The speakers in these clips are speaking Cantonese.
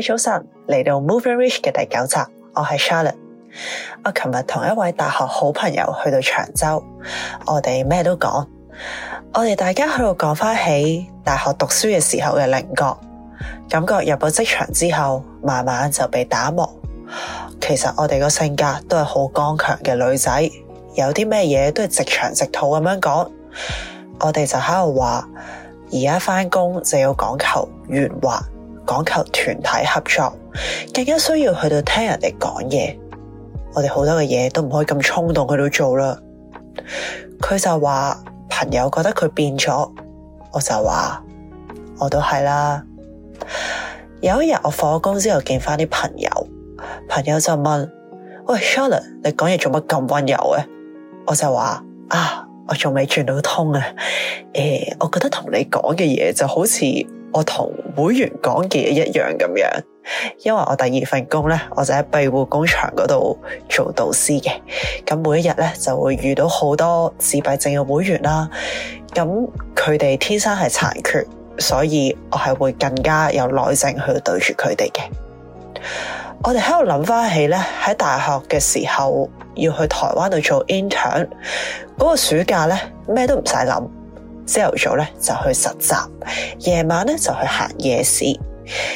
早晨，嚟到 Moving Reach 嘅第九集，我係 Charlotte。我琴日同一位大學好朋友去到長洲，我哋咩都講。我哋大家喺度講翻起大學讀書嘅時候嘅稜角，感覺入到職場之後，慢慢就被打磨。其實我哋個性格都係好剛強嘅女仔，有啲咩嘢都係直腸直肚咁樣講。我哋就喺度話，而家返工就要講求圓滑。講求團體合作，更加需要去到聽人哋講嘢。我哋好多嘅嘢，都唔可以咁衝動去到做啦。佢就話朋友覺得佢變咗，我就話我都係啦。有一日我放工之後見翻啲朋友，朋友就問：喂 Charlotte 你講嘢做乜咁温柔嘅？我就話：啊，我仲未轉到通啊。誒、欸，我覺得同你講嘅嘢就好似我同會員講嘅嘢一樣咁樣，因為我第二份工咧，我就喺庇護工場嗰度做導師嘅，咁每一日咧就會遇到好多自閉症嘅會員啦，咁佢哋天生係殘缺，所以我係會更加有耐性去對住佢哋嘅。我哋喺度諗翻起咧，喺大學嘅時候要去台灣度做 intern，嗰個暑假咧咩都唔使諗。朝頭早咧就去實習，夜晚咧就去行夜市，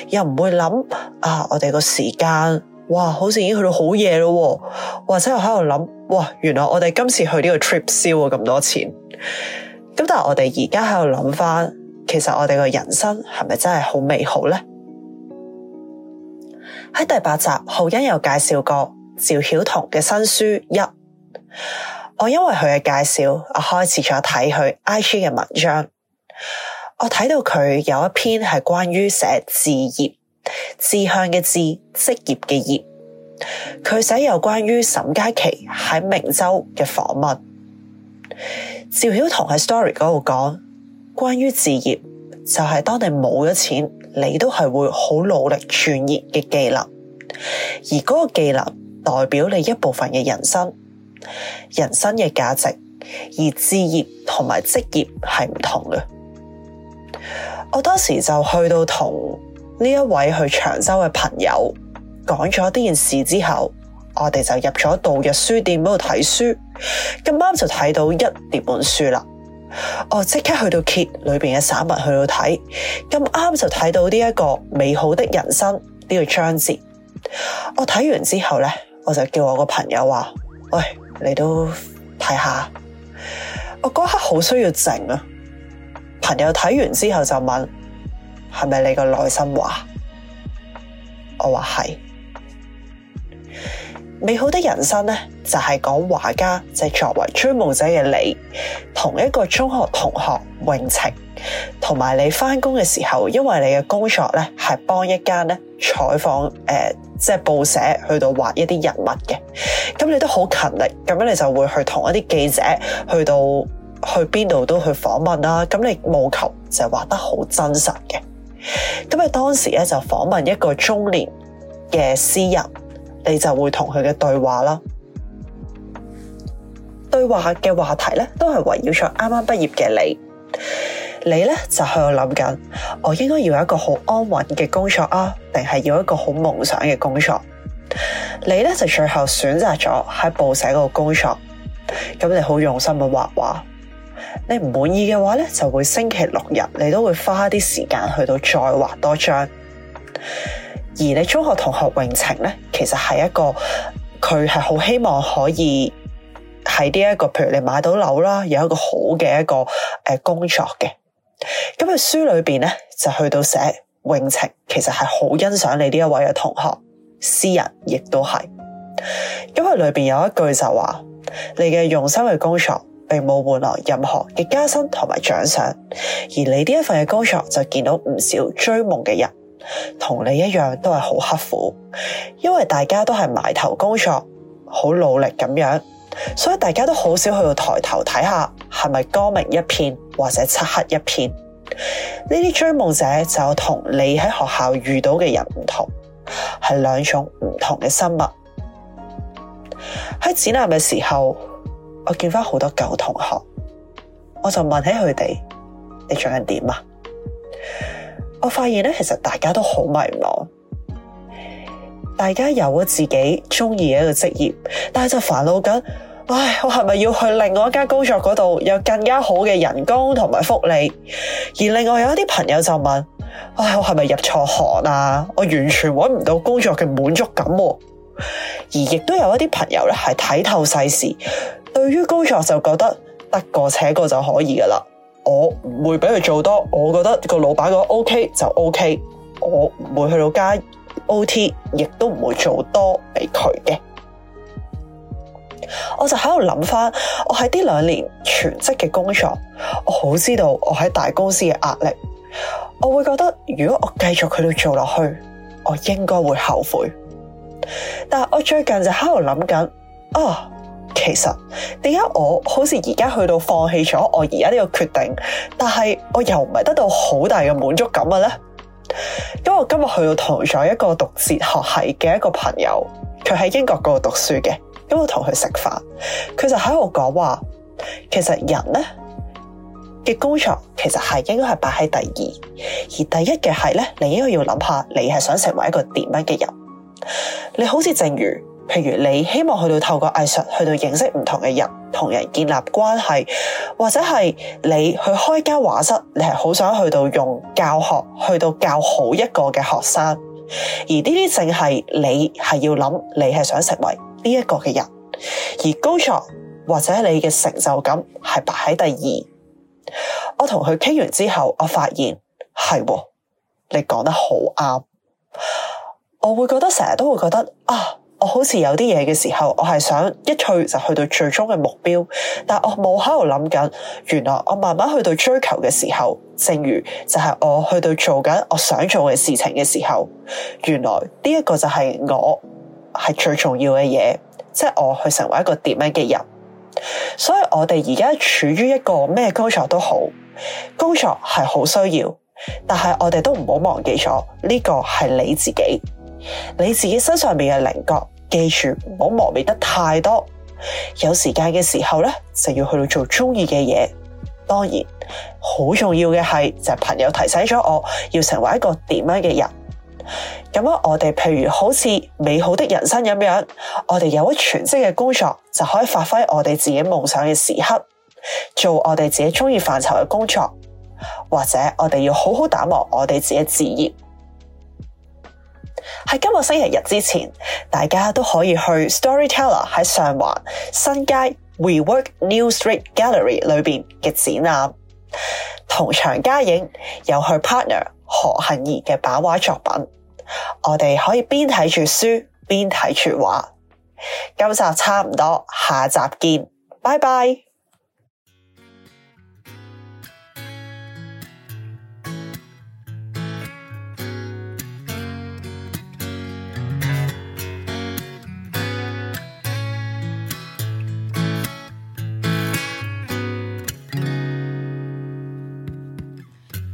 又唔會諗啊！我哋個時間，哇，好似已經去到好夜咯，或者我喺度諗，哇，原來我哋今次去呢個 trip 燒咗咁多錢。咁但係我哋而家喺度諗翻，其實我哋個人生係咪真係好美好呢？喺第八集，皓欣有介紹過趙曉彤嘅新書一。我因為佢嘅介紹，我開始咗睇佢 IG 嘅文章。我睇到佢有一篇係關於寫志業，志向嘅志，職業嘅業。佢寫有關於沈佳琪喺明州嘅訪問。趙曉彤喺 story 嗰度講，關於志業，就係、是、當你冇咗錢，你都係會好努力傳業嘅技能，而嗰個技能代表你一部分嘅人生。人生嘅價值，而志業同埋職業係唔同嘅。我當時就去到同呢一位去長洲嘅朋友講咗啲件事之後，我哋就入咗度日書店嗰度睇書，咁啱就睇到一疊本書啦。我即刻去到揭裏邊嘅散文去到睇，咁啱就睇到呢一個美好的人生呢，呢個章節。我睇完之後呢，我就叫我個朋友話：，喂！你都睇下，我嗰刻好需要靜啊！朋友睇完之後就問：係咪你個內心話？我話係。美好的人生咧，就係、是、講畫家，即、就、係、是、作為追夢者嘅你，同一個中學同學永晴，同埋你返工嘅時候，因為你嘅工作咧係幫一間咧採訪，誒、呃，即係報社去到畫一啲人物嘅，咁你都好勤力，咁樣你就會去同一啲記者去到去邊度都去訪問啦，咁你務求就係畫得好真實嘅，咁啊當時咧就訪問一個中年嘅詩人。你就會同佢嘅對話啦，對話嘅話題咧都係圍繞咗啱啱畢業嘅你，你咧就喺度諗緊，我應該要一個好安穩嘅工作啊，定係要一個好夢想嘅工作？你咧就最後選擇咗喺報社個工作，咁你好用心去畫畫，你唔滿意嘅話咧，就會星期六日你都會花啲時間去到再畫多張。而你中學同學榮晴咧，其實係一個佢係好希望可以喺呢一個，譬如你買到樓啦，有一個好嘅一個誒工作嘅。咁、這、佢、個、書裏邊咧就去到寫榮晴，其實係好欣賞你呢一位嘅同學，詩人亦都係。因為裏邊有一句就話：你嘅用心嘅工作，並冇換來任何嘅加薪同埋獎賞，而你呢一份嘅工作就見到唔少追夢嘅人。同你一樣都係好刻苦，因為大家都係埋頭工作，好努力咁樣，所以大家都好少去到抬頭睇下係咪光明一片或者漆黑一片。呢啲追夢者就同你喺學校遇到嘅人唔同，係兩種唔同嘅生物。喺展覽嘅時候，我見翻好多舊同學，我就問起佢哋：你最近點啊？我發現咧，其實大家都好迷茫，大家有咗自己中意嘅一個職業，但係就煩惱緊，唉，我係咪要去另外一間工作嗰度有更加好嘅人工同埋福利？而另外有一啲朋友就問，唉，我係咪入錯行啊？我完全揾唔到工作嘅滿足感，啊，而亦都有一啲朋友咧係睇透世事，對於工作就覺得得過且過就可以噶啦。我唔會俾佢做多，我覺得個老闆覺得 OK 就 OK，我唔會去到加 O T，亦都唔會做多俾佢嘅。我就喺度諗翻，我喺呢兩年全職嘅工作，我好知道我喺大公司嘅壓力，我會覺得如果我繼續佢度做落去，我應該會後悔。但係我最近就喺度諗緊，啊、哦！其實點解我好似而家去到放棄咗我而家呢個決定，但係我又唔係得到好大嘅滿足感嘅咧？因為我今日去到同咗一個讀哲學系嘅一個朋友，佢喺英國嗰度讀書嘅，咁我同佢食飯，佢就喺度講話，其實人咧嘅工作其實係應該係擺喺第二，而第一嘅係咧，你應該要諗下你係想成為一個點樣嘅人？你好似正如。譬如你希望去到透過藝術去到認識唔同嘅人，同人建立關係，或者係你去開間畫室，你係好想去到用教學去到教好一個嘅學生，而呢啲淨係你係要諗，你係想成為呢一個嘅人，而工作或者你嘅成就感係擺喺第二。我同佢傾完之後，我發現係，你講得好啱，我會覺得成日都會覺得啊。我好似有啲嘢嘅時候，我係想一去就去到最終嘅目標，但我冇喺度諗緊。原來我慢慢去到追求嘅時候，正如就係我去到做緊我想做嘅事情嘅時候，原來呢一個就係我係最重要嘅嘢，即係我去成為一個點樣嘅人。所以我哋而家處於一個咩工作都好，工作係好需要，但係我哋都唔好忘記咗呢個係你自己，你自己身上面嘅稜角。記住唔好磨滅得太多，有時間嘅時候咧就要去到做中意嘅嘢。當然，好重要嘅係就係、朋友提醒咗我要成為一個點樣嘅人。咁啊，我哋譬如好似美好的人生咁樣，我哋有咗全職嘅工作，就可以發揮我哋自己夢想嘅時刻，做我哋自己中意範疇嘅工作，或者我哋要好好打磨我哋自己志業。喺今個星期日之前，大家都可以去 Storyteller 喺上環新街 We Work New Street Gallery 裏邊嘅展覽，同場加映有佢 partner 何幸兒嘅版畫作品。我哋可以邊睇住書邊睇住畫。今集差唔多，下集見，拜拜。